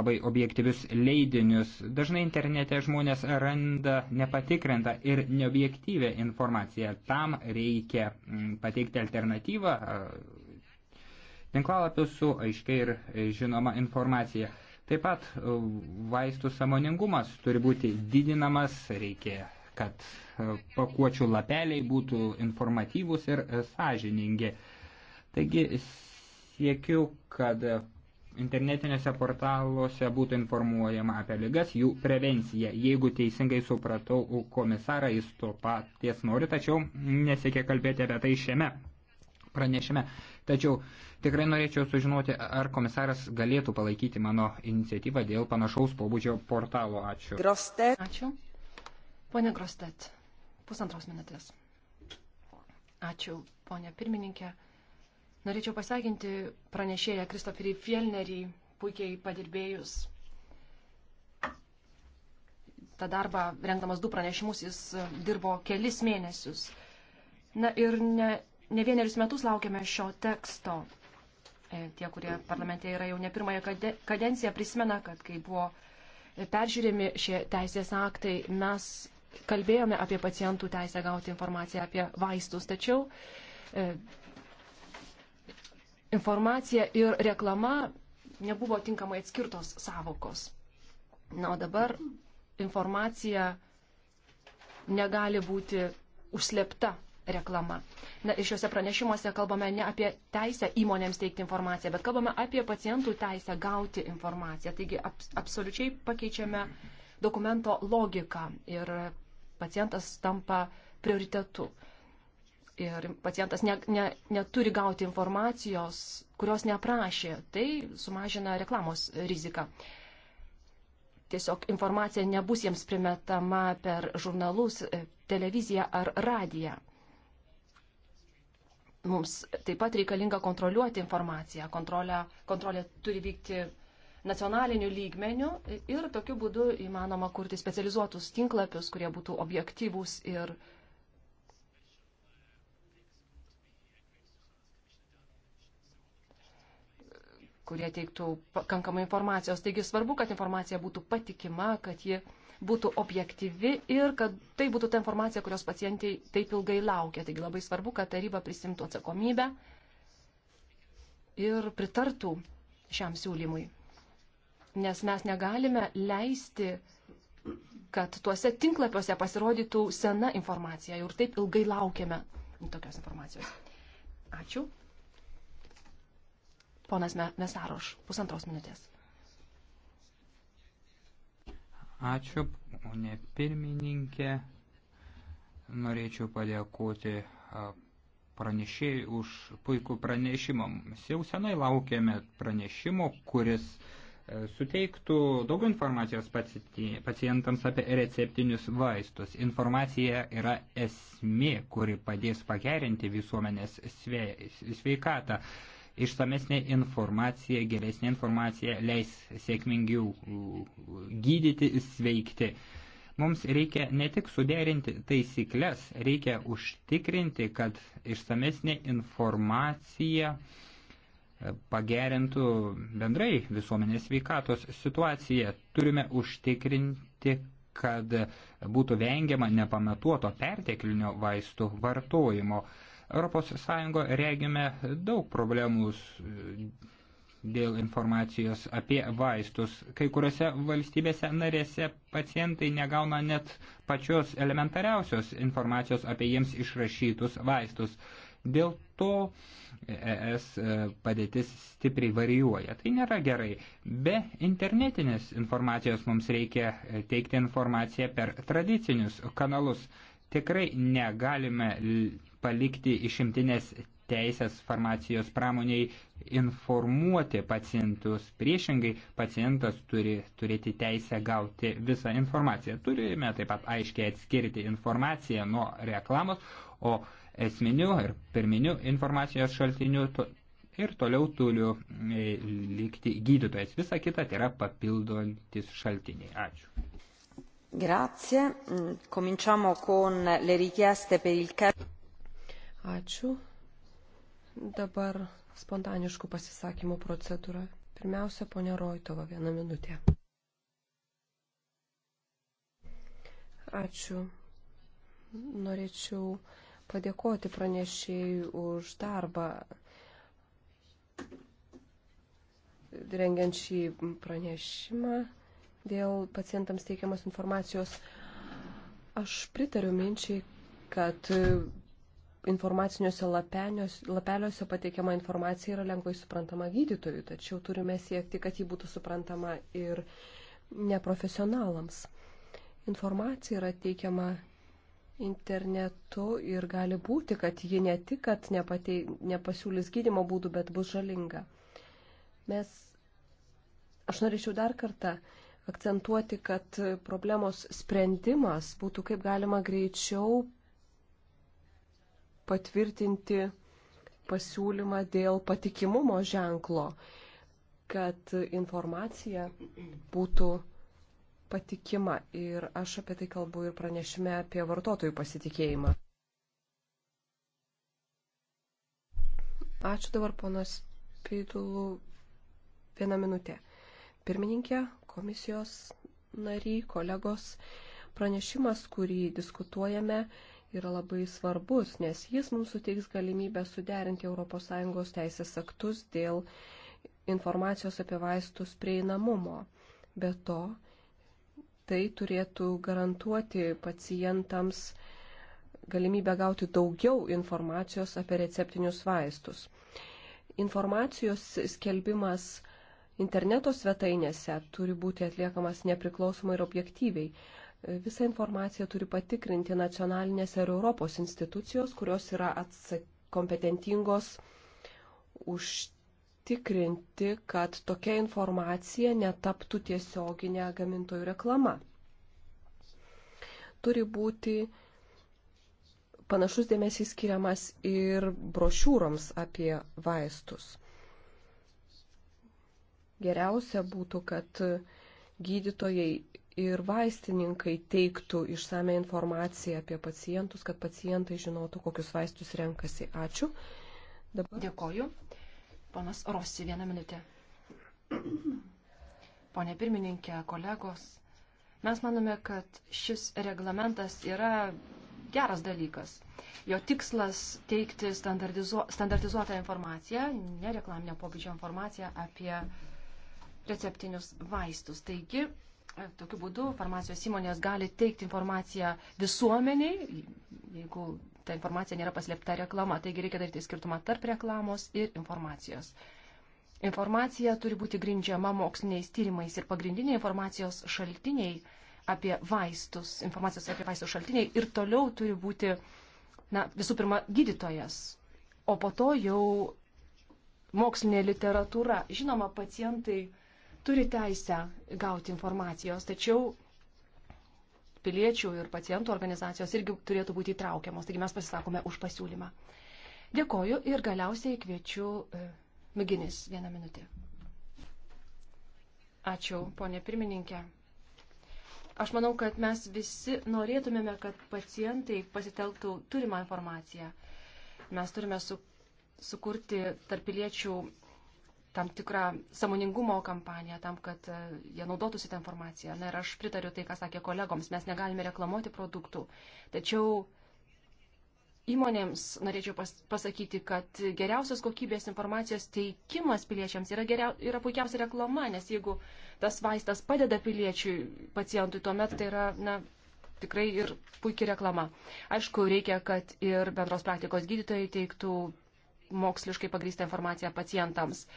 labai objektyvius leidinius. Dažnai internete žmonės randa nepatikrintą ir neobjektyvę informaciją. Tam reikia pateikti alternatyvą e, tinklalapius su aiškiai ir žinoma informacija. Taip pat e, vaistų samoningumas turi būti didinamas, reikia, kad e, pakuočių lapeliai būtų informatyvūs ir e, sąžiningi. Taigi siekiu, kad internetinėse portaluose būtų informuojama apie lygas, jų prevenciją. Jeigu teisingai supratau, komisarą jis to paties nori, tačiau nesiekia kalbėti apie tai šiame pranešime. Tačiau tikrai norėčiau sužinoti, ar komisaras galėtų palaikyti mano iniciatyvą dėl panašaus pobūdžio portalo. Ačiū. Grostet. Ačiū. Pone Grostet, pusantros minutės. Ačiū, ponė pirmininkė. Norėčiau pasveikinti pranešėją Kristoferį Fielnerį, puikiai padirbėjus. Ta darba, rengdamas du pranešimus, jis dirbo kelis mėnesius. Na ir ne, Ne vienerius metus laukiame šio teksto. E, tie, kurie parlamente yra jau ne pirmąją kadenciją, prisimena, kad kai buvo peržiūrėmi šie teisės aktai, mes kalbėjome apie pacientų teisę gauti informaciją apie vaistus, tačiau e, informacija ir reklama nebuvo tinkamai atskirtos savokos. Na, o dabar informacija negali būti užslepta reklama. Na, ir šiuose pranešimuose kalbame ne apie teisę įmonėms teikti informaciją, bet kalbame apie pacientų teisę gauti informaciją. Taigi abs absoliučiai pakeičiame dokumento logiką ir pacientas tampa prioritetu. Ir pacientas ne, ne, neturi gauti informacijos, kurios neprašė. Tai sumažina reklamos riziką tiesiog informacija nebus jiems primetama per žurnalus, televiziją ar radiją mums taip pat reikalinga kontroliuoti informaciją. Kontrolė, kontrolė turi vykti nacionaliniu lygmeniu ir tokiu būdu įmanoma kurti specializuotus tinklapius, kurie būtų objektyvūs ir kurie teiktų pakankamai informacijos. Taigi svarbu, kad informacija būtų patikima, kad ji ji būtų objektyvi ir kad tai būtų ta informacija, kurios pacientai taip ilgai laukia. Taigi labai svarbu, kad taryba prisimtų atsakomybę ir pritartų šiam siūlymui. Nes mes negalime leisti, kad tuose tinklapiuose pasirodytų sena informacija ir taip ilgai laukiame tokios informacijos. Ačiū. Ponas Mesaroš, pusantros minutės. Ačiū, ponė pirmininkė. Norėčiau padėkoti pranešėjai už puikų pranešimą. Mes jau senai laukėme pranešimo, kuris e, suteiktų daugiau informacijos pacientams apie receptinius vaistus. Informacija yra esmė, kuri padės pagerinti visuomenės sveikatą. Sve Išsamesnė informacija, geresnė informacija leis sėkmingiau uh, gydyti, sveikti. Mums reikia ne tik suderinti taisyklės, reikia užtikrinti, kad išsamesnė informacija uh, pagerintų bendrai visuomenės veikatos situaciją. Turime užtikrinti, kad būtų vengiama nepamatuoto perteklinio vaistų vartojimo. ES regime daug problemų dėl informacijos apie vaistus. Kai kuriuose valstybėse narėse pacientai negauna net pačios elementariausios informacijos apie jiems išrašytus vaistus. Dėl to ES e, padėtis stipriai varijuoja. Tai nėra gerai. Be internetinės informacijos mums reikia e, teikti informaciją per tradicinius kanalus. Tikrai negalime palikti išimtinės teisės farmacijos pramoniai informuoti pacientus. Priešingai, pacientas turi turėti teisę gauti visą informaciją. Turime taip pat aiškiai atskirti informaciją nuo reklamos, o esminių ir pirminių informacijos šaltinių ir toliau turiu e, likti gydytojas. Visa kita tai yra papildantis šaltiniai. Ačiū. Grazie. Mm, cominciamo con le richieste per il caso. Ačiū. Dabar spontaniškų pasisakymų procedūra. Pirmiausia, ponia Roitova, vieną minutę. Ačiū. Norėčiau padėkoti pranešėjui už darbą rengiant šį pranešimą dėl pacientams teikiamos informacijos. Aš pritariu minčiai, kad informaciniuose lapeliuose pateikiama informacija yra lengvai suprantama gydytojui, tačiau turime siekti, kad ji būtų suprantama ir neprofesionalams. Informacija yra teikiama internetu ir gali būti, kad ji ne tik, kad nepatei, nepasiūlys gydimo būdų, bet bus žalinga. Mes, aš norėčiau dar kartą akcentuoti, kad problemos sprendimas būtų kaip galima greičiau patvirtinti pasiūlymą dėl patikimumo ženklo, kad informacija būtų patikima. Ir aš apie tai kalbu ir pranešime apie vartotojų pasitikėjimą. Ačiū dabar ponas Pidulų. Vieną minutę. Pirmininkė, komisijos nariai, kolegos, pranešimas, kurį diskutuojame, yra labai svarbus, nes jis mums suteiks galimybę suderinti ES teisės aktus dėl informacijos apie vaistus prieinamumo. Be to, tai turėtų garantuoti pacientams galimybę gauti daugiau informacijos apie receptinius vaistus. Informacijos skelbimas interneto svetainėse turi būti atliekamas nepriklausomai ir objektyviai. Visą informaciją turi patikrinti nacionalinės ir Europos institucijos, kurios yra kompetentingos užtikrinti, kad tokia informacija netaptų tiesioginė gamintojų reklama. Turi būti panašus dėmesys skiriamas ir brošiūroms apie vaistus. Geriausia būtų, kad gydytojai ir vaistininkai teiktų išsame informaciją apie pacientus, kad pacientai žinotų, kokius vaistus renkasi. Ačiū. Dabar... Dėkoju. Ponas Rossi, vieną minutę. Pone pirmininkė, kolegos, mes manome, kad šis reglamentas yra geras dalykas. Jo tikslas teikti standartizuo, standartizuotą informaciją, nereklaminio pobūdžio informaciją apie receptinius vaistus. Taigi, E, tokiu būdu farmacijos įmonės gali teikti informaciją visuomeniai, jeigu ta informacija nėra paslėpta reklama. Taigi reikia daryti skirtumą tarp reklamos ir informacijos. Informacija turi būti grindžiama moksliniais tyrimais ir pagrindiniai informacijos šaltiniai apie vaistus, informacijos apie vaistų šaltiniai ir toliau turi būti, na, visų pirma, gydytojas, o po to jau mokslinė literatūra. Žinoma, pacientai turi teisę gauti informacijos, tačiau piliečių ir pacientų organizacijos irgi turėtų būti įtraukiamos. Taigi mes pasisakome už pasiūlymą. Dėkoju ir galiausiai kviečiu e, Miginis vieną minutę. Ačiū, ponė pirmininkė. Aš manau, kad mes visi norėtumėme, kad pacientai pasitelktų turimą informaciją. Mes turime su, sukurti tarpiliečių tam tikrą samoningumo kampaniją, tam, kad e, jie naudotųsi tą informaciją. Na ir aš pritariu tai, ką sakė kolegoms, mes negalime reklamuoti produktų. Tačiau įmonėms norėčiau pas, pasakyti, kad geriausios kokybės informacijos teikimas piliečiams yra, geriau, yra puikiausia reklama, nes jeigu tas vaistas padeda piliečiui, pacientui, tuomet tai yra na, tikrai ir puikia reklama. Aišku, reikia, kad ir bendros praktikos gydytojai teiktų moksliškai pagrįstą informaciją pacientams. Uh,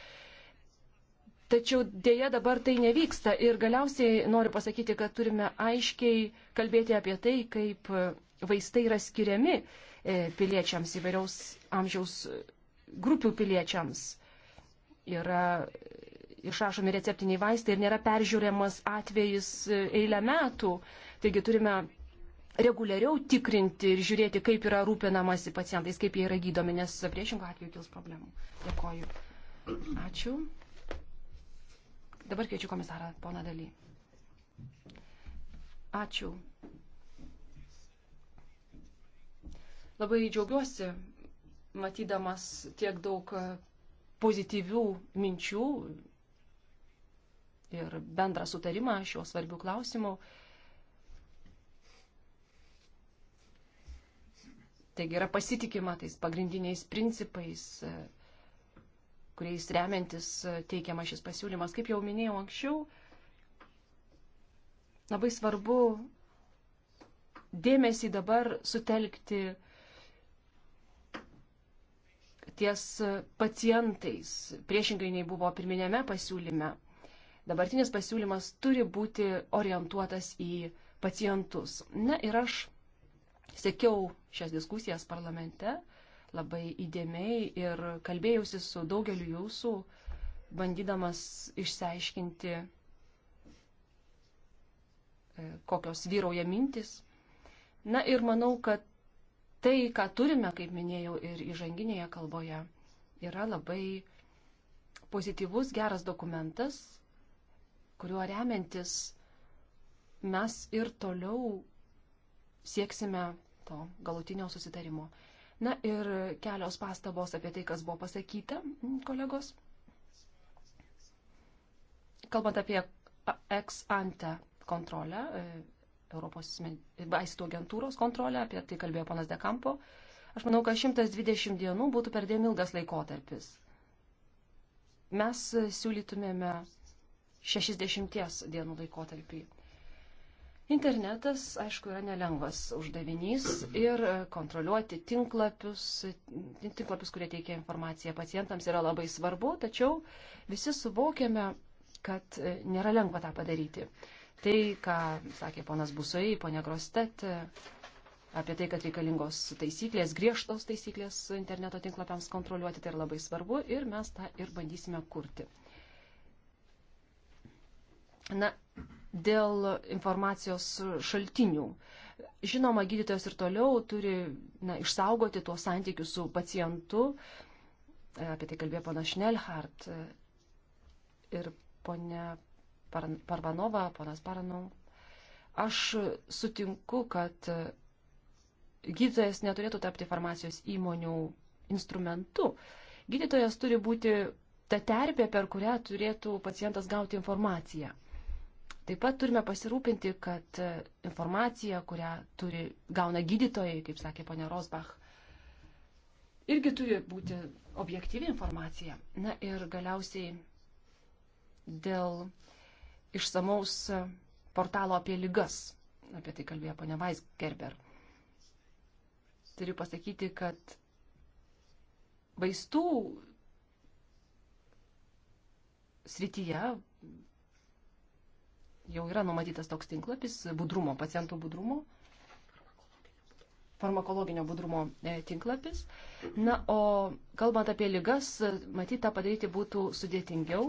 Tačiau dėja dabar tai nevyksta ir galiausiai noriu pasakyti, kad turime aiškiai kalbėti apie tai, kaip vaistai yra skiriami e, piliečiams įvairiaus amžiaus grupių piliečiams. Yra išrašomi receptiniai vaistai ir nėra peržiūriamas atvejis e, eilę metų. Taigi turime reguliariau tikrinti ir žiūrėti, kaip yra rūpinamasi pacientais, kaip jie yra gydomi, nes priešingų atveju kils problemų. Dėkoju. Ačiū. Dabar kviečiu komisarą poną Daly. Ačiū. Labai džiaugiuosi, matydamas tiek daug pozityvių minčių ir bendrą sutarimą šiuo svarbiu klausimu. Taigi yra pasitikima tais pagrindiniais principais, kuriais remiantis e, teikiamas šis pasiūlymas. Kaip jau minėjau anksčiau, labai svarbu dėmesį dabar sutelkti ties pacientais, priešingai nei buvo pirminėme pasiūlyme. Dabartinis pasiūlymas turi būti orientuotas į pacientus. Na ir aš sekiau šias diskusijas parlamente labai įdėmiai ir kalbėjausi su daugeliu jūsų, bandydamas išsiaiškinti, e, kokios vyrauja mintis. Na ir manau, kad tai, ką turime, kaip minėjau ir įžanginėje kalboje, yra labai pozityvus, geras dokumentas, kuriuo remiantis mes ir toliau sieksime to galutinio susitarimo. Na ir kelios pastabos apie tai, kas buvo pasakyta, kolegos. Kalbant apie ex ante kontrolę, e, Europos vaistų agentūros kontrolę, apie tai kalbėjo panas Dekampo, aš manau, kad 120 dienų būtų per dėm ilgas laikotarpis. Mes siūlytumėme 60 dienų laikotarpį. Internetas, aišku, yra nelengvas uždavinys ir kontroliuoti tinklapius, tinklapius, kurie teikia informaciją pacientams, yra labai svarbu, tačiau visi suvokiame, kad nėra lengva tą padaryti. Tai, ką sakė ponas Busoj, ponė Grostet, apie tai, kad reikalingos taisyklės, griežtos taisyklės interneto tinklapiams kontroliuoti, tai yra labai svarbu ir mes tą ir bandysime kurti. Na, dėl informacijos šaltinių. Žinoma, gydytojas ir toliau turi na, išsaugoti tuos santykius su pacientu. E, apie tai kalbėjo pana Šnelhart e, ir ponia Parvanova, ponas Paranau. Aš sutinku, kad e, gydytojas neturėtų tapti farmacijos įmonių instrumentu. Gydytojas turi būti ta terpė, per kurią turėtų pacientas gauti informaciją. Taip pat turime pasirūpinti, kad e, informacija, kurią turi, gauna gydytojai, kaip sakė ponia Rosbach, irgi turi būti objektyvi informacija. Na ir galiausiai dėl išsamaus portalo apie lygas, apie tai kalbėjo ponia Weisgerber. Turiu pasakyti, kad vaistų srityje jau yra numatytas toks tinklapis budrumo, pacientų budrumo, farmakologinio budrumo e, tinklapis. Na, o kalbant apie lygas, matyt, tą padaryti būtų sudėtingiau.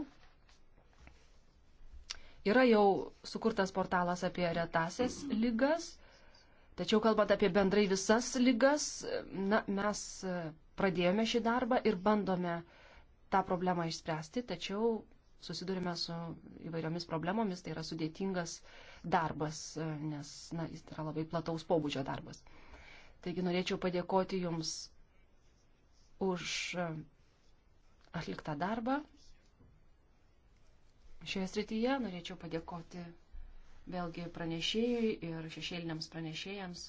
Yra jau sukurtas portalas apie retasias lygas, tačiau kalbant apie bendrai visas lygas, na, mes pradėjome šį darbą ir bandome tą problemą išspręsti, tačiau susidurime su įvairiomis problemomis, tai yra sudėtingas darbas, e, nes na, jis yra labai plataus pobūdžio darbas. Taigi norėčiau padėkoti Jums už e, atliktą darbą. Šioje srityje norėčiau padėkoti vėlgi pranešėjui ir šešėliniams pranešėjams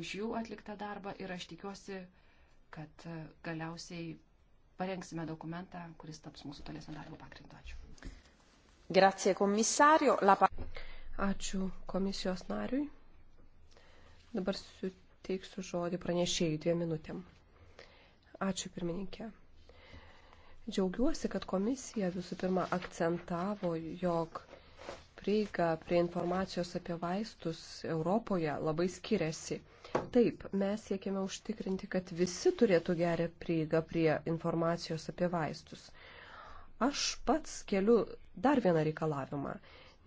už jų atliktą darbą ir aš tikiuosi, kad e, galiausiai parengsime dokumentą, kuris taps mūsų tolesnio darbo pagrindu. Ačiū. Grazie, komisario. La... Ačiū komisijos nariui. Dabar suteiksiu žodį pranešėjai dviem minutėm. Ačiū pirmininkė. Džiaugiuosi, kad komisija visų pirma akcentavo, jog prieiga prie informacijos apie vaistus Europoje labai skiriasi Taip, mes siekiame užtikrinti, kad visi turėtų gerą prieigą prie informacijos apie vaistus. Aš pats keliu dar vieną reikalavimą.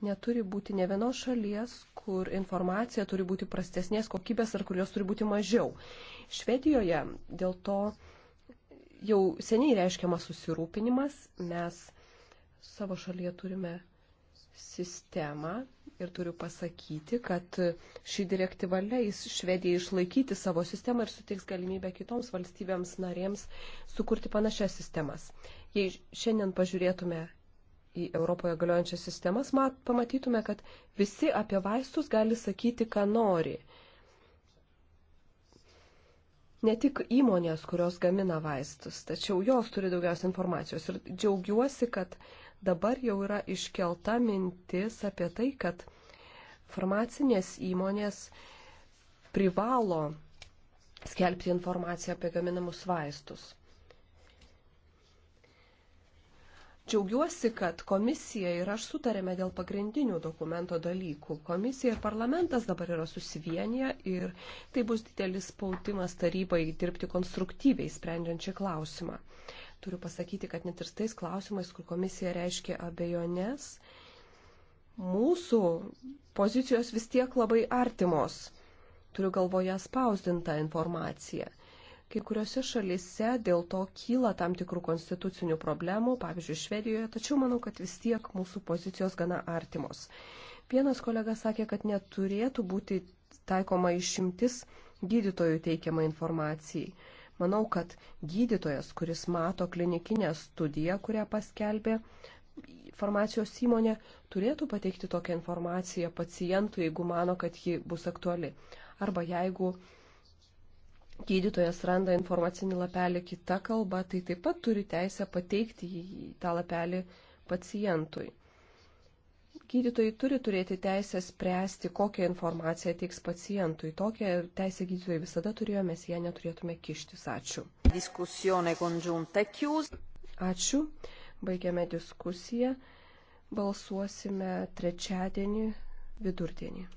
Neturi būti ne vienos šalies, kur informacija turi būti prastesnės kokybės ar kur jos turi būti mažiau. Švedijoje dėl to jau seniai reiškiamas susirūpinimas. Mes savo šalyje turime sistemą ir turiu pasakyti, kad ši direktyva leis Švedijai išlaikyti savo sistemą ir suteiks galimybę kitoms valstybėms narėms sukurti panašias sistemas. Jei šiandien pažiūrėtume į Europoje galiojančias sistemas, mat, pamatytume, kad visi apie vaistus gali sakyti, ką nori. Ne tik įmonės, kurios gamina vaistus, tačiau jos turi daugiausia informacijos. Ir džiaugiuosi, kad uh, dabar jau yra iškelta mintis apie tai, kad farmacinės įmonės privalo skelbti informaciją apie gaminamus vaistus. Džiaugiuosi, kad komisija ir aš sutarėme dėl pagrindinių dokumento dalykų. Komisija ir parlamentas dabar yra susivienyje ir tai bus didelis spaudimas tarybai dirbti konstruktyviai sprendžiant šį klausimą turiu pasakyti, kad net ir tais klausimais, kur komisija reiškia abejonės, mūsų pozicijos vis tiek labai artimos. Turiu galvoje spausdintą informaciją. Kai kuriuose šalise dėl to kyla tam tikrų konstitucinių problemų, pavyzdžiui, Švedijoje, tačiau manau, kad vis tiek mūsų pozicijos gana artimos. Vienas kolega sakė, kad neturėtų būti taikoma išimtis gydytojų teikiamą informacijai. Manau, kad gydytojas, kuris mato klinikinę studiją, kurią paskelbė farmacijos įmonė, turėtų pateikti tokią informaciją pacientui, jeigu mano, kad ji bus aktuali. Arba jeigu gydytojas randa informacinį lapelį kitą kalbą, tai taip pat turi teisę pateikti tą lapelį pacientui gydytojai turi turėti teisę spręsti, kokią informaciją teiks pacientui. Tokią teisę gydytojai visada turėjo, mes ją neturėtume kištis. Ačiū. E Ačiū. Baigiame diskusiją. Balsuosime trečiadienį vidurdienį.